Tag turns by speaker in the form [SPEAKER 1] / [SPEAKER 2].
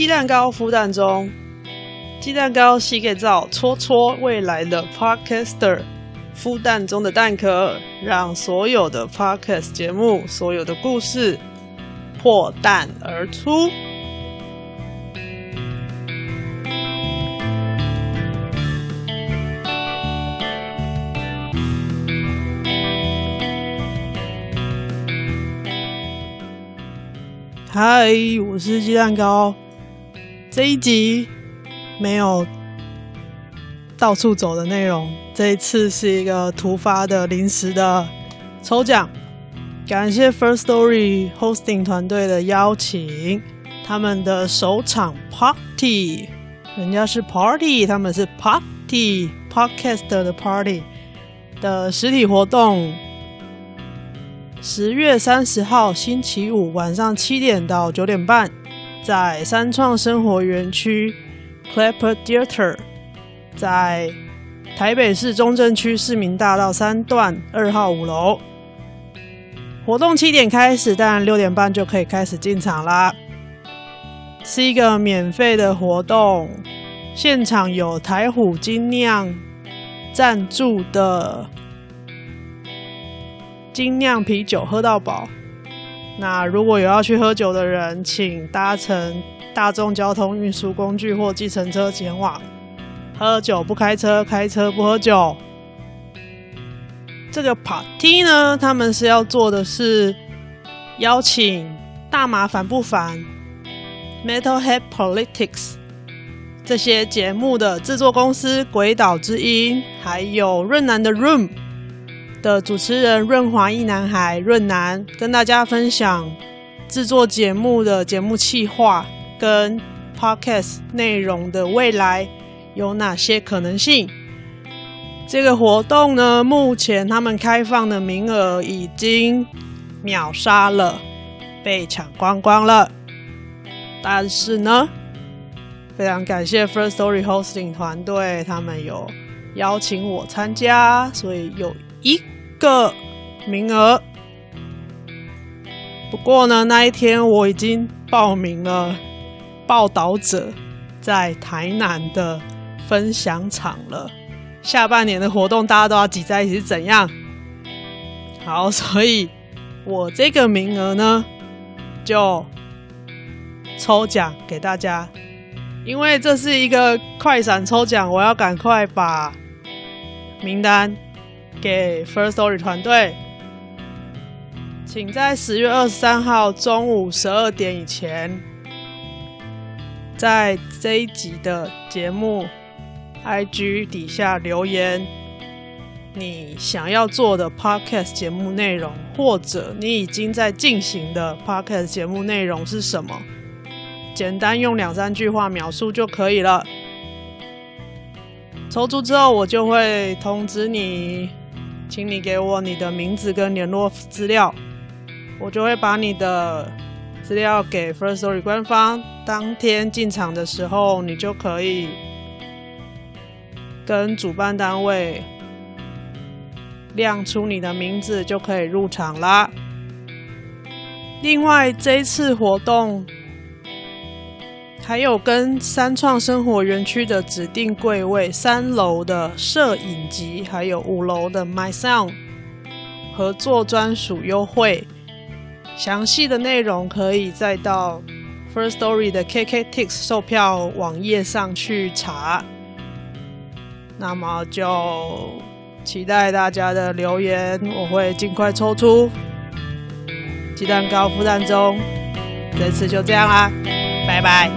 [SPEAKER 1] 雞蛋糕孵蛋中，雞蛋糕洗個澡，搓搓未來的 Podcaster，孵蛋中的蛋殼，讓所有的 Podcast 節目、所有的故事破蛋而出。嗨，我是雞蛋糕。這一集沒有到處走的內容，這一次是一個突發的臨時的抽獎，感謝 Firstory Hosting 團隊的邀請，他們的首場 Podty，人家是 Party，他們是 Podty，Podcaster 的 Party 的實體活動，十月三十號星期五晚上七點到九點半。在三創生活園區 Clapper Theater，在台北市中正區市民大道三段二號五樓。活動七點開始，但六點半就可以開始進場啦。是一個免費的活動，現場有台虎精釀贊助的精釀啤酒，喝到飽。那如果有要去喝酒的人，請搭乘大眾交通運輸工具或計程車前往。喝酒不開車，開車不喝酒。這個 Podty 呢，他們是要做的是邀請大麻煩不煩、Metalhead Politics 這些節目的制作公司鬼島之音，還有潤男的 Room。的主持人潤華一男孩，潤男跟大家分享製作節目的節目企劃跟 Podcast 內容的未來有哪些可能性？這個活動呢，目前他們開放的名額已經秒殺了，被搶光光了。但是呢，非常感謝 Firstory Hosting 團隊，他們有邀請我參加，所以有。一個名額，不過呢，那一天我已經報名了。報道者在台南的分享場了。下半年的活動，大家都要擠在一起，是怎樣？好，所以我這個名額呢，就抽獎給大家，因為這是一個快閃抽獎，我要趕快把名單。給 Firstory 團隊，請在十月二十三號中午十二點以前，在這一集的節目 IG 底下留言，你想要做的 Podcast 節目內容，或者你已經在進行的 Podcast 節目內容是什麼？簡單用兩三句話描述就可以了。抽出之後，我就會通知你。請你給我你的名字跟聯絡資料，我就會把你的資料給 Firstory 官方。當天進場的時候，你就可以跟主辦單位亮出你的名字，就可以入場啦。另外，這次活動。還有跟三創生活園區的指定櫃位、三樓的攝影集，還有五樓的 My Sound 合作專屬優惠，詳細的內容可以再到 Firstory 的 KKTIX 售票網頁上去查。那麼就期待大家的留言，我會盡快抽出。雞蛋糕負擔中，這次就這樣啦、啊，拜拜。